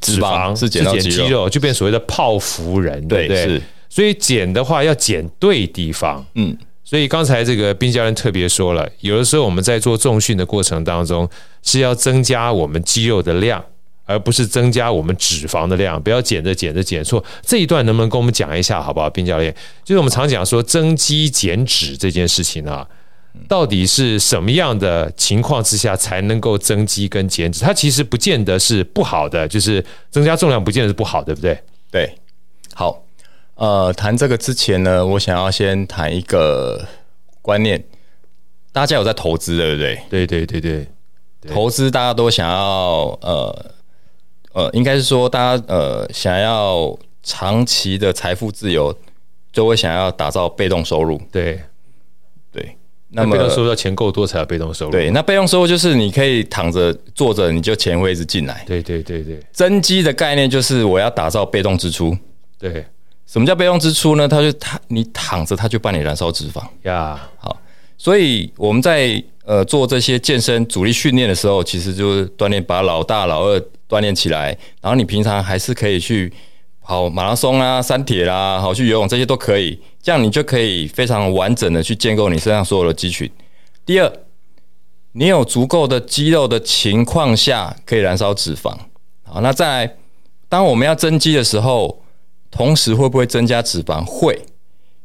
脂肪，是減肌肉，肌肉是就變成所謂的泡芙人，對對不對？是。所以減的話要減對地方，嗯。所以剛才這個彬教練特別說了，有的時候我們在做重訓的過程當中，是要增加我們肌肉的量。而不是增加我們脂肪的量，不要減着減着減錯。這一段能不能跟我們講一下，好不好，彬教練？就是我們常講說增肌減脂這件事情啊，到底是什麼樣的情況之下才能夠增肌跟減脂？它其實不見得是不好的，就是增加重量不見得是不好，對不對？對，好。呃，談這個之前呢，我想要先談一個觀念，大家有在投資，對不對？對對對對，對，投資大家都想要呃。呃，應該是說，大家呃想要長期的財富自由，就會想要打造被動收入。對對，那麼被動收入要錢夠多才有被動收入啊。對，那被動收入就是你可以躺着坐着，你就錢會一直進來。對對對對，增肌的概念就是我要打造被動支出。對，什麼叫被動支出呢？他就他你躺着他就幫你燃燒脂肪呀。Yeah. 好，所以我們在呃做這些健身阻力訓練的時候，其實就是鍛鍊把老大老二。鍛鍊起來，然後你平常還是可以去跑馬拉松啊、三鐵啦、啊、好去游泳這些都可以，這樣你就可以非常完整的去建構你身上所有的肌群。第二，你有足夠的肌肉的情況下，可以燃燒脂肪。好，那再來，當我們要增肌的時候，同時會不會增加脂肪？會。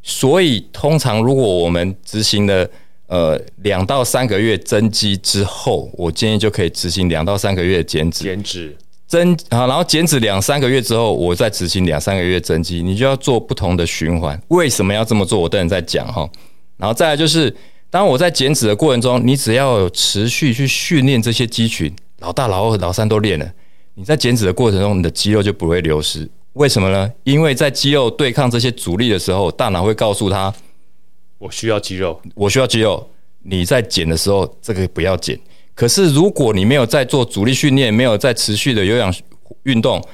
所以通常如果我們執行的。呃，兩到三個月增肌之後，我建議就可以執行兩到三個月減脂。減脂止，增啊，然後減脂兩三個月之後，我再執行兩三個月增肌，你就要做不同的循環。為什麼要這麼做？我等等再講哈。然後再來就是，當我在減脂的過程中，你只要有持續去訓練這些肌群，老大、老二、老三都練了，你在減脂的過程中，你的肌肉就不會流失。為什麼呢？因為在肌肉對抗這些阻力的時候，大腦會告訴他。我需要肌肉，我需要肌肉。你在減的時候，這個不要減。可是如果你沒有在做阻力訓練，沒有在持續的有氧運動，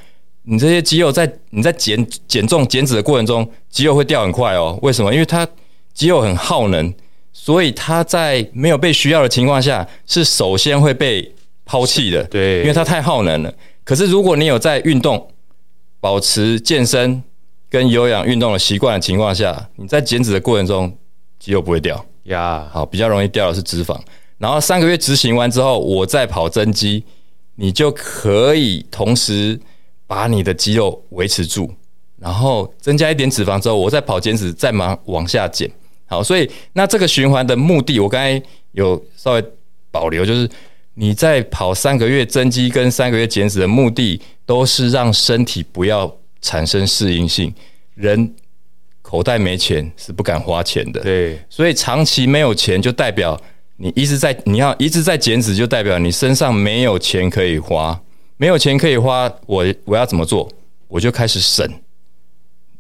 你這些肌肉在你在減、減重、減脂的過程中，肌肉會掉很快哦。為什麼？因為它肌肉很耗能，所以它在沒有被需要的情況下，是首先會被拋棄的。對，因為它太耗能了。可是如果你有在運動、保持健身跟有氧運動的習慣的情況下，你在減脂的過程中，肌肉不會掉呀，Yeah. 好，比較容易掉的是脂肪。然後三個月執行完之後，我再跑增肌，你就可以同時把你的肌肉維持住，然後增加一點脂肪之後，我再跑減脂，再忙往下減。好，所以那這個循環的目的，我剛才有稍微保留，就是你在跑三個月增肌跟三個月減脂的目的，都是讓身體不要產生適應性人。口袋沒錢是不敢花錢的，對，所以長期沒有錢就代表你一直在你要一直在減脂，就代表你身上沒有錢可以花，沒有錢可以花，我我要怎麼做？我就開始省。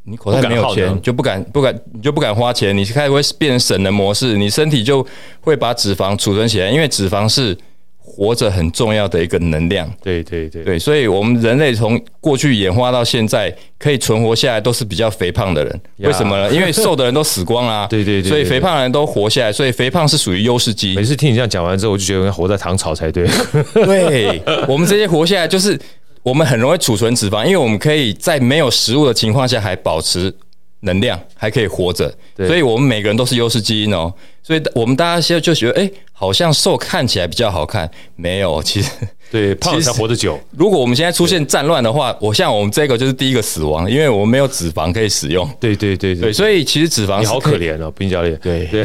你口袋沒有錢不就不敢不敢，你就不敢花錢，你開始會變成省的模式，你身體就會把脂肪儲存起來，因為脂肪是，活着很重要的一個能量，對對對對，所以我們人類從過去演化到現在，可以存活下來都是比較肥胖的人，Yeah. 為什麼呢？因為瘦的人都死光啦、啊， (laughs) 對對，對，所以肥胖的人都活下來，所以肥胖是屬於優勢基因。每次聽你這樣講完之後，我就覺得我活在唐朝才對，對，我們這些活下來就是我們很容易儲存脂肪，因為我們可以在沒有食物的情況下還保持。能量還可以活着，對所以我們每個人都是優勢基因哦。所以我們大家現在就覺得，哎、欸，好像瘦看起來比較好看。沒有，其實對胖才活得久。如果我們現在出現戰亂的話，對我像我們這個就是第一個死亡，因為我們沒有脂肪可以使用。對對對對，所以其實脂肪是可你好可憐哦，彬教練。對對，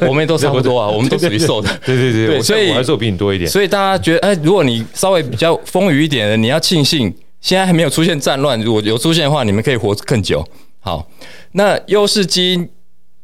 (laughs) 我們也都差不多啊，我們都屬於瘦的。對對對對，對所以我的肉比你多一點所。所以大家覺得，哎、欸，如果你稍微比較豐腴一點的，你要慶幸現在還沒有出現戰亂。如果有出現的話，你們可以活更久。好。那優勢基因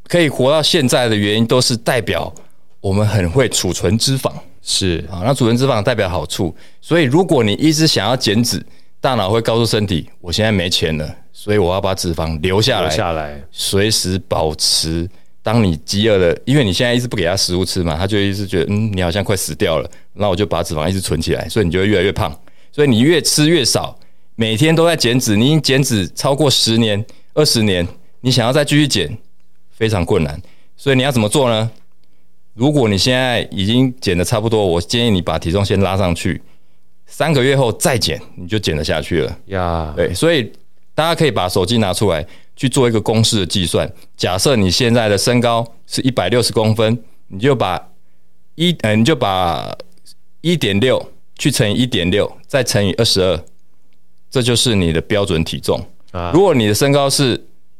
可以活到現在的原因，都是代表我們很會儲存脂肪，是啊。那儲存脂肪代表好處，所以如果你一直想要減脂，大腦會告訴身體，我現在沒錢了，所以我要把脂肪留下來，留下來隨時保持。當你飢餓了，因為你現在一直不給他食物吃嘛，他就一直覺得，嗯，你好像快死掉了，那我就把脂肪一直存起來，所以你就會越來越胖。所以你越吃越少，每天都在減脂，你已經減脂超過十年、二十年。你想要再繼續減，非常困難，所以你要怎麼做呢？如果你現在已經減的差不多，我建議你把體重先拉上去，三個月後再減，你就減得下去了呀。Yeah. 對，所以大家可以把手機拿出來去做一個公式的計算。假設你現在的身高是一百六十公分，你就把一，嗯，你就把一點六去乘以一點六，再乘以二十二，這就是你的標準體重。uh. 如果你的身高是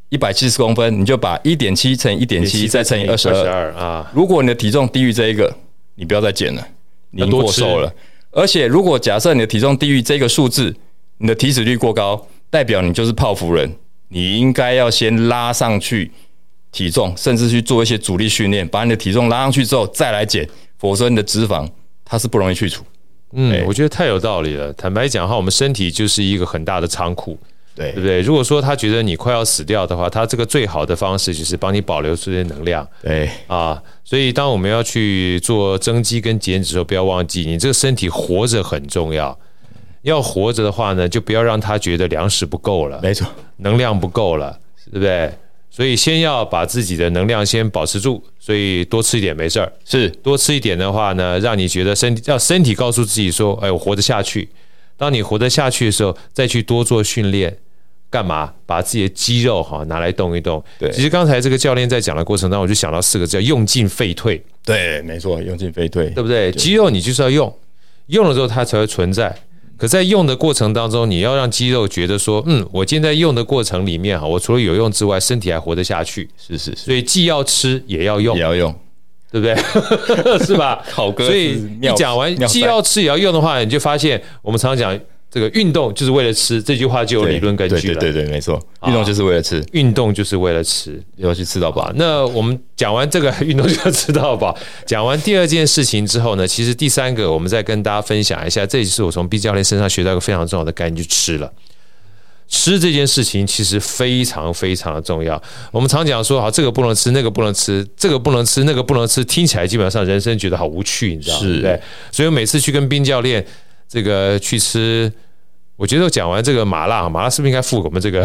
一百七十公分，你就把一點七乘以一點七再乘以二十二。二十二啊！如果你的體重低於這一個，你不要再減了，你過瘦了。而且，如果假設你的體重低於這個數字，你的體脂率過高，代表你就是泡芙人。你應該要先拉上去體重，甚至去做一些阻力訓練，把你的體重拉上去之後再來減，否則你的脂肪它是不容易去除。嗯，欸、我覺得太有道理了。坦白講的話，我們身體就是一個很大的倉庫。對，對不對？如果說他覺得你快要死掉的話，他這個最好的方式就是幫你保留這些能量。對啊，所以當我們要去做增肌跟減脂的時候，不要忘記你這個身體活着很重要。要活着的話呢，就不要讓他覺得糧食不夠了，沒錯，能量不夠了，對不對？所以先要把自己的能量先保持住。所以多吃一點沒事兒，是多吃一點的話呢，讓你覺得身體要身體告訴自己說：“哎，我活得下去。”當你活得下去的時候，再去多做訓練。幹嘛把自己的肌肉哈拿來動一動？對，其實剛才這個教練在講的過程當中，我就想到四個字：用進廢退。對，沒錯，用進廢退，對不對？就肌肉你就是要用，用了之後它才會存在。可在用的過程當中，你要讓肌肉覺得說：嗯，嗯，我現在用的過程裡面哈，我除了有用之外，身體還活得下去，是，是是。所以既要吃也要用，也要用，對不對？ (laughs) 是吧， (laughs) 好哥子。所以你講完既要吃也要用的話，你就發現我們常常講。這個運動就是為了吃，這句話就有理論根據了。對對對，對，沒錯，運動就是為了吃，啊、運動就是為了吃，要去吃到飽。那我們講完這個運動就要吃到飽。講完第二件事情之後呢，其實第三個我們再跟大家分享一下，這也是我從彬教練身上學到一個非常重要的概念，就吃了。吃這件事情其實非常非常的重要。我們常講說，好，這個不能吃，那個不能吃，這個不能吃，那個不能吃，聽起來基本上人生覺得好無趣，你知道嗎？是對，所以我每次去跟彬教練這個去吃。我覺得我講完這個麻辣，麻辣是不是應該付我們這個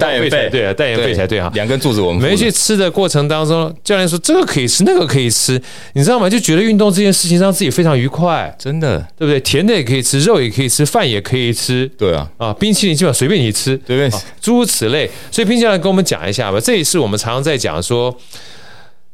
代言費？對啊，代言費才對啊。兩根柱子我們沒去吃的過程當中，教練說這個可以吃，那個可以吃，你知道嗎？就覺得運動這件事情讓自己非常愉快，真的，對不對？甜的也可以吃，肉也可以吃，飯也可以吃，對啊啊，冰淇淋基本上隨便你吃，隨便吧。啊，諸如此類。所以，彬教練跟我們講一下吧。這一次我們常常在講說，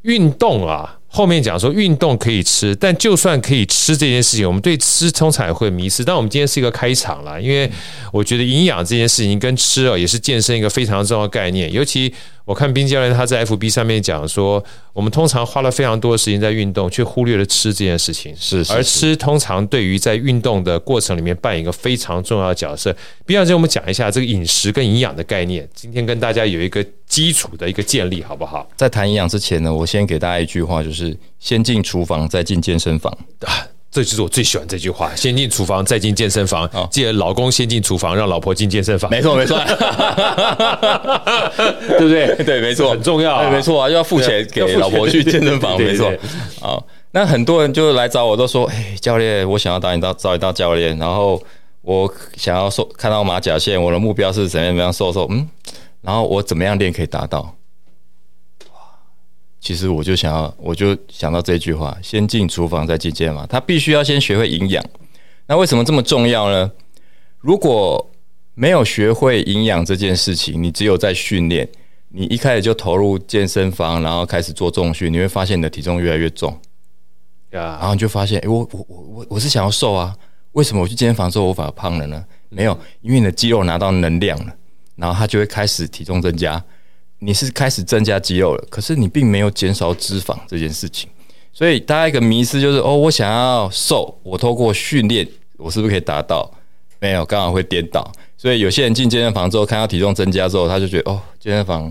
運動啊。後面講說運動可以吃，但就算可以吃這件事情，我們對吃通常也會迷失。但我們今天是一個開場了，因為我覺得營養這件事情跟吃啊，也是健身一個非常重要的概念，尤其。我看彬教練他在 FB 上面講說，我們通常花了非常多的時間在運動，卻忽略了吃這件事情。是，是，而吃通常對於在運動的過程裡面扮演一個非常重要的角色。彬教練，我們講一下這個飲食跟營養的概念，今天跟大家有一個基礎的一個建立，好不好？在談營養之前呢，我先給大家一句話，就是先進廚房，再進健身房。 (laughs) 這就是我最喜歡這句話：先進廚房，再進健身房。哦、記得老公先進廚房，讓老婆進健身房。哦、沒錯，沒錯， (laughs) (laughs) 對不對？對，沒錯，很重要、啊。哎、沒錯啊，又要付錢給老婆去健身房。沒錯。啊，那很多人就來找我，都說：“哎，教練，我想要當一當，找一道教練，然後我想要瘦，看到馬甲線。我的目標是怎麼樣怎樣瘦瘦嗯，然後我怎麼樣練可以達到？”其實我就想要，我就想到這句話：先進廚房，再進健身房。他必須要先學會營養。那為什麼這麼重要呢？如果沒有學會營養這件事情，你只有在訓練，你一開始就投入健身房，然後開始做重訓，你會發現你的體重越來越重。對啊，然後你就發現，哎，我我我我我是想要瘦啊，為什麼我去健身房之後我反而胖了呢？沒有，因為你的肌肉拿到能量了，然後它就會開始體重增加。你是開始增加肌肉了，可是你並沒有減少脂肪這件事情，所以大家一個迷思就是哦，我想要瘦，我透過訓練，我是不是可以達到？沒有，剛好會顛倒。所以有些人進健身房之後，看到體重增加之後，他就覺得哦，健身房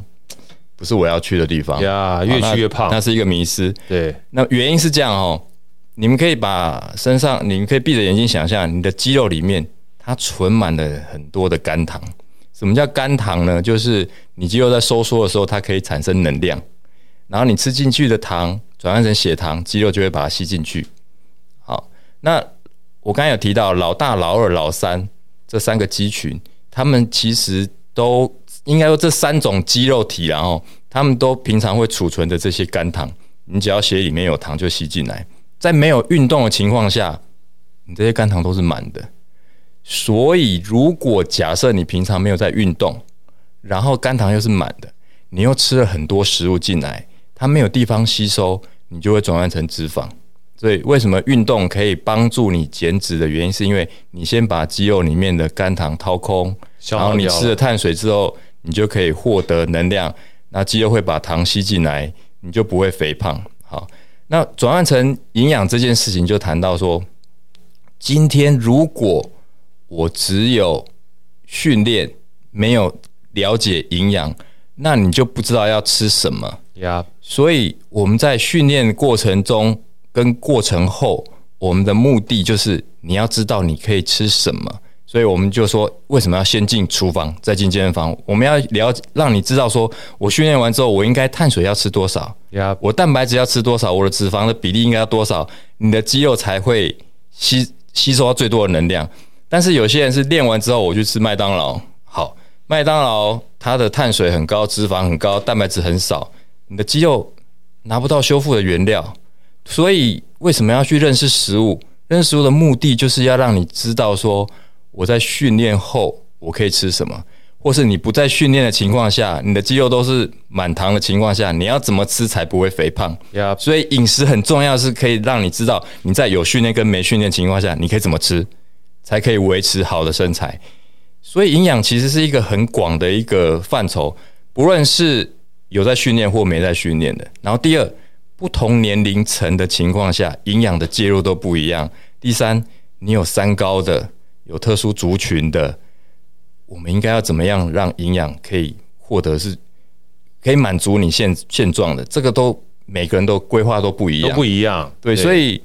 不是我要去的地方呀，yeah, 哦、越去越胖那，那是一個迷思。對，那原因是這樣哦，你們可以把身上，你們可以閉着眼睛想象，你的肌肉裡面它存滿了很多的肝糖。什麼叫肝糖呢？就是你肌肉在收縮的時候，它可以產生能量，然後你吃進去的糖轉換成血糖，肌肉就會把它吸進去。好，那我剛才有提到老大、老二、老三這三個肌群，他們其實都應該說這三種肌肉體，然後他們都平常會儲存的這些肝糖，你只要血裡面有糖就吸進來，在沒有運動的情況下，你這些肝糖都是滿的。所以，如果假設你平常沒有在運動，然後肝糖又是滿的，你又吃了很多食物進來，它沒有地方吸收，你就會轉換成脂肪。所以，為什麼運動可以幫助你減脂的原因，是因為你先把肌肉裡面的肝糖掏空，消耗了。然後你吃了碳水之後，你就可以獲得能量，那肌肉會把糖吸進來，你就不會肥胖。好，那轉換成營養這件事情，就談到說，今天如果。我只有訓練，沒有了解營養，那你就不知道要吃什麼呀。Yeah. 所以我們在訓練的過程中跟過程後，我們的目的就是你要知道你可以吃什麼。所以我們就說，為什麼要先進廚房再進健身房？我們要了解讓你知道，說我訓練完之後，我應該碳水要吃多少呀？Yeah. 我蛋白質要吃多少？我的脂肪的比例應該要多少？你的肌肉才會吸吸收到最多的能量。但是有些人是練完之後，我去吃麥當勞，好，麥當勞它的碳水很高，脂肪很高，蛋白質很少，你的肌肉拿不到修復的原料，所以為什麼要去認識食物？認識食物的目的就是要讓你知道說我在訓練後我可以吃什麼，或是你不在訓練的情況下，你的肌肉都是滿糖的情況下，你要怎麼吃才不會肥胖？對啊，所以飲食很重要，是可以讓你知道你在有訓練跟沒訓練的情況下，你可以怎麼吃。才可以維持好的身材，所以營養其實是一個很廣的一個範疇，不論是有在訓練或沒在訓練的。然後第二，不同年齡層的情況下，營養的介入都不一樣。第三，你有三高的，有特殊族群的，我們應該要怎麼樣讓營養可以獲得是，可以滿足你現現狀的？這個都每個人都規劃都不一樣，都不一樣。對，所以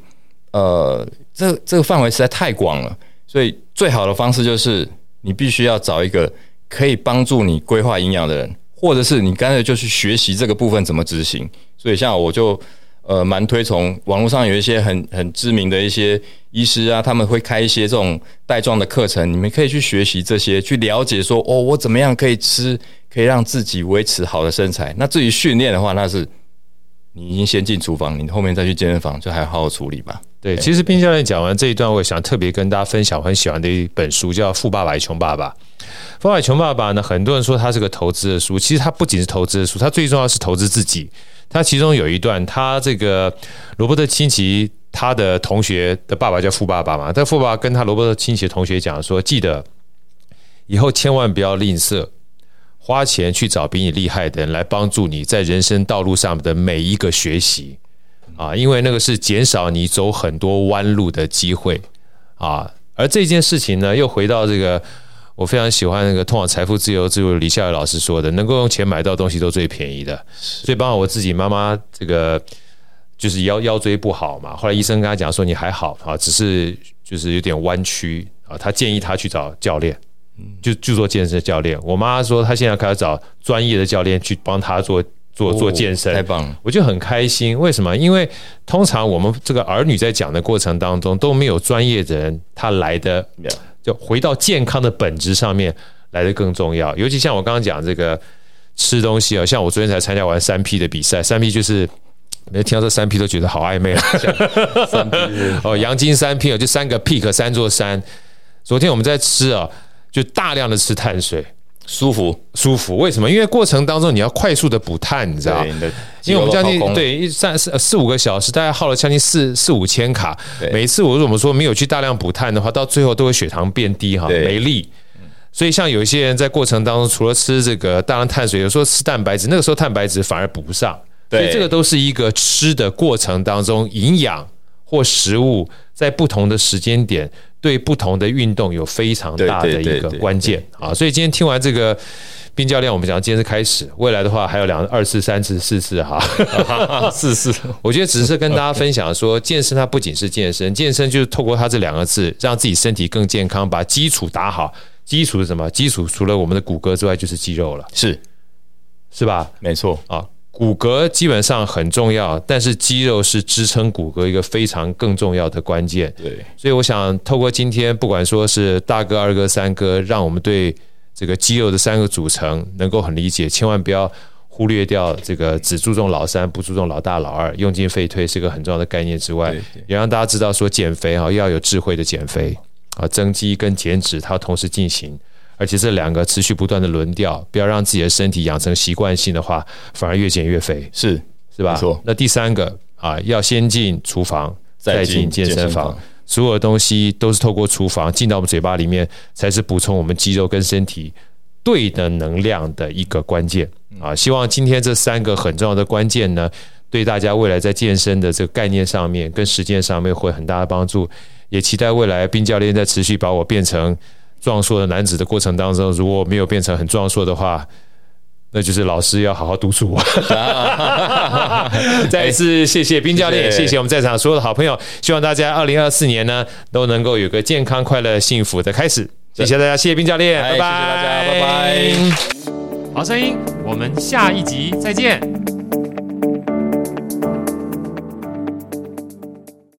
呃，這這個範圍實在太廣了。所以最好的方式就是，你必須要找一個可以幫助你規劃營養的人，或者是你乾脆就去學習這個部分怎麼執行。所以像我就呃蠻推崇網絡上有一些很很知名的一些醫師啊，他們會開一些這種帶狀的課程，你們可以去學習這些，去了解說哦，我怎麼樣可以吃，可以讓自己維持好的身材。那至於訓練的話，那是你已經先進廚房，你後面再去健身房就還好好處理吧。對，其實彬教練講完這一段，我也想特別跟大家分享我很喜歡的一本書，叫《富爸爸窮爸爸》。《富爸爸窮爸爸》呢，很多人說他是個投資的書，其實他不僅是投資的書，他最重要是投資自己。他其中有一段，他這個羅伯特清崎他的同學的爸爸叫富爸爸嘛，但富爸爸跟他羅伯特清崎的同學講說，記得以後千萬不要吝嗇花錢去找比你厲害的人來幫助你在人生道路上的每一個學習。啊，因為那個是減少你走很多彎路的機會啊，而這件事情呢，又回到這個我非常喜歡那個通往財富自由之路李笑來老師說的，能夠用錢買到東西都最便宜的。是所以包括我自己媽媽這個就是腰腰椎不好嘛，後來醫生跟她講說你還好啊，只是就是有點彎曲啊，他建議她去找教練，就就做健身教練。我媽說她現在開始找專業的教練去幫她做。做做健身，太棒了！我就很開心。為什麼？因為通常我們這個兒女在講的過程當中都沒有專業的人，他來的就回到健康的本質上面來的更重要。尤其像我剛剛講這個吃東西哦，像我昨天才參加完三 P 的比賽，三 P 就是你聽到這三 P 都覺得好曖昧啊！ (laughs) (laughs) 三 P 哦，陽金三 P 哦，就三個 peak，三座山。昨天我們在吃啊，就大量的吃碳水。舒服舒服，為什麼？因為過程當中你要快速的補碳，你知道？因為我們將近對一三四四五個小時，大概耗了將近四四五千卡。對每次我如果說沒有去大量補碳的話，到最後都會血糖變低哈，對沒力。所以像有些人在過程當中，除了吃這個大量碳水，有時候吃蛋白質，那個時候蛋白質反而補不上。對所以這個都是一個吃的過程當中，營養或食物在不同的時間點，對不同的運動有非常大的一個關鍵啊，所以今天聽完這個彬教練，我們講今天是開始，未來的話還有兩二次、三次、四次哈 (laughs) (laughs) 四次，我覺得只是跟大家分享說， (noise) 健身它不僅是健身，健身就是透過它這兩個字，讓自己身體更健康，把基礎打好。基礎是什麼？基礎除了我們的骨骼之外，就是肌肉了，是是吧？沒錯錯啊。骨骼基本上很重要，但是肌肉是支撐骨骼一個非常更重要的關鍵。對，所以我想透過今天，不管說是大哥、二哥、三哥，讓我們對這個肌肉的三個組成能夠很理解，千萬不要忽略掉這個只注重老三不注重老大老二，用進廢退是一個很重要的概念之外，也讓大家知道說減肥啊，要要有智慧的減肥啊，增肌跟減脂它同時進行。而且這兩個持續不斷的輪調，不要讓自己的身體養成習慣性的話，反而越減越肥，是是吧？沒錯 那第三個啊，要先進廚房，再進健身房。身房所有的東西都是透過廚房進到我們嘴巴裡面，才是補充我們肌肉跟身體對的能量的一個關鍵啊！希望今天這三個很重要的關鍵呢，對大家未來在健身的這個概念上面跟實踐上面會有很大的幫助。也期待未來彬教練在持續把我變成。壯碩的男子的過程當中，如果沒有變成很壯碩的話，那就是老師要好好督促我。 (laughs) (laughs) 再一次謝謝彬教練，謝謝，謝謝我們在場所有的好朋友，希望大家二零二四年呢都能夠有個健康、快樂、幸福的開始。對謝謝大家，謝謝彬教練，拜拜，拜拜。郝聲音，我們下一集再見。